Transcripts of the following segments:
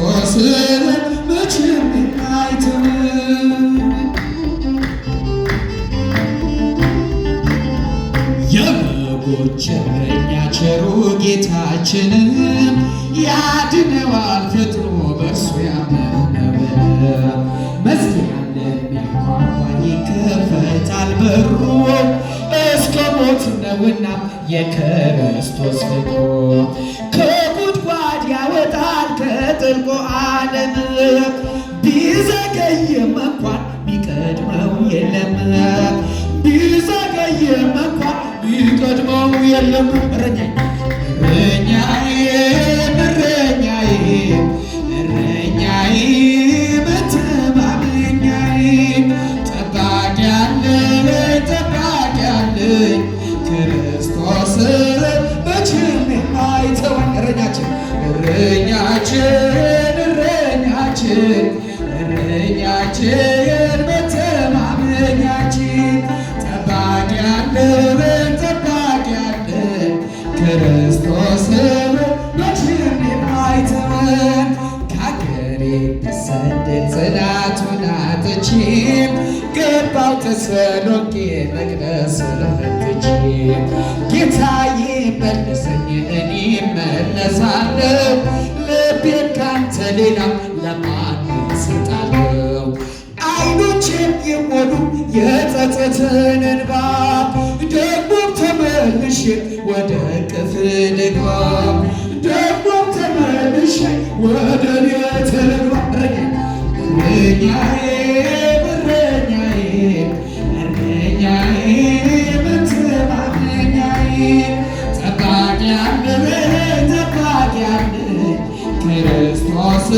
ክርስቶስን መቼም አይተም የበጎች እረኛ ቸሩ ጌታችንም ያድነዋል ፍጥሮ በእርሱ ያመነበ መዝጊያ ለሚያንኳኳ ይከፈታል በሩ እስከ ሞት ነውና የክርስቶስ ፍቅሩ ዘልቆ ዓለም ቢዘገይም እንኳን ሚቀድመው የለም ቢዘገይም እንኳን ቢቀድመው የለም እረኛዬ እረኛዬ እረኛዬ እረኛዬ ክርስቶስ መቼም እረኛችን በስም በችኔ ማይተመን ከአገሬ ብሰደድ ጽናቱን አጥቼ ገባሁ ተሰሎንቄ መቅደሱን ፈትቼ ጌታዬ መልሰኝ እኔ እመለሳለሁ ልቤን ካንተ ሌላ ለማን እሰጣለሁ አይኖቼም ይሞሉ የጸጸትን እንባ ደግሞ ተመልሼ ወደ ልግባ ደግሞ ተመልሼ ወደ ቤት ልግባ እረኛዬ እረኛዬ እረኛዬ መተማመኛዬ ጠባቂ አለኝ ጠባቂ አለኝ ክርስቶስ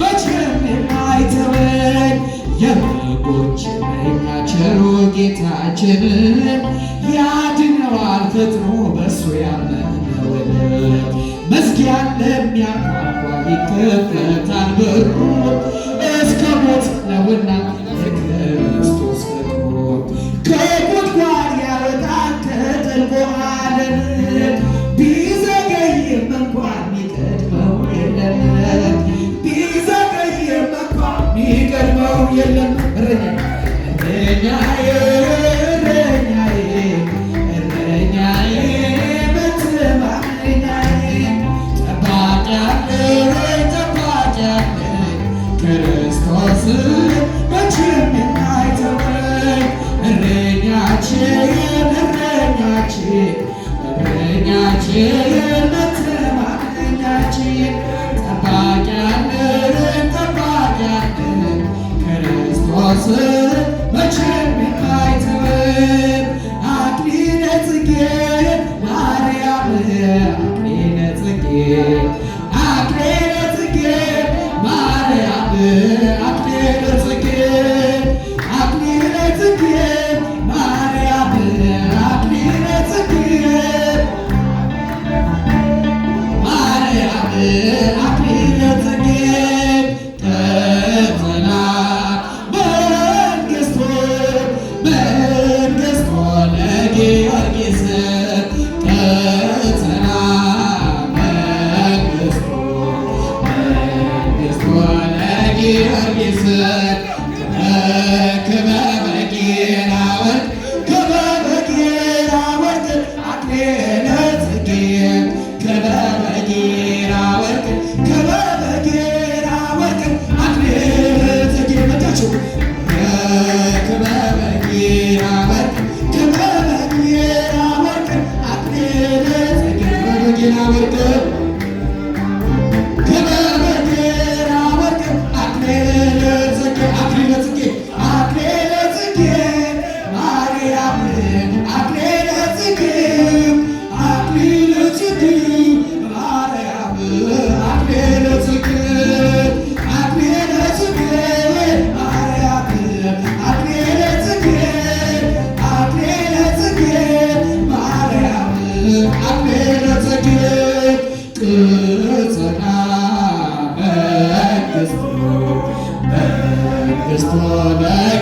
መቼም የማይተወኝ የበጎች እረኛ ቸሩ ጌታችን ያድን ያንኳኳል ፈጥኖ በእሱ ያመነ ወደብ ለሚያንኳኳ ይከፈታል በሩ እስከ ሞት ነውና የክርስቶስ ፈጥኖ ከቁጥቋር ያወጣል ከጥልቁ ዓለም ቢዘገይም የሚቀድመው የለም ቢዘገይም የሚቀድመው የለም እረኛ እረኛ ጠባቂ ያለን ጠባቂ ያለን ክርስቶስ መቼ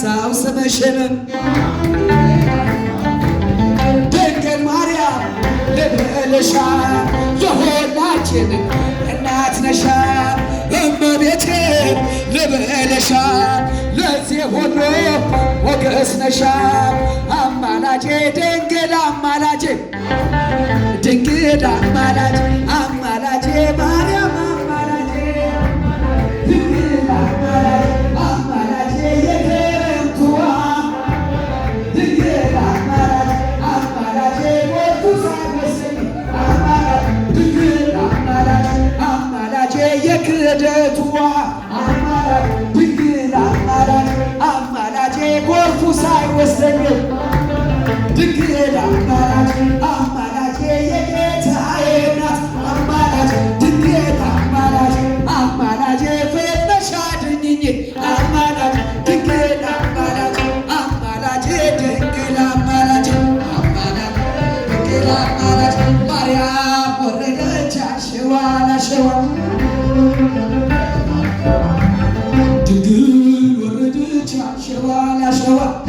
ሀሳብ ስምሽን ድንግል ማርያም ልብልሻ የሁላችን እናት ነሻ እመቤቴ ልብልሻ ለዚህ ሁሉ ሞገስ ነሻ አማላጄ ድንግል አማላጄ ድንግል አማላጄ President червоня шнова.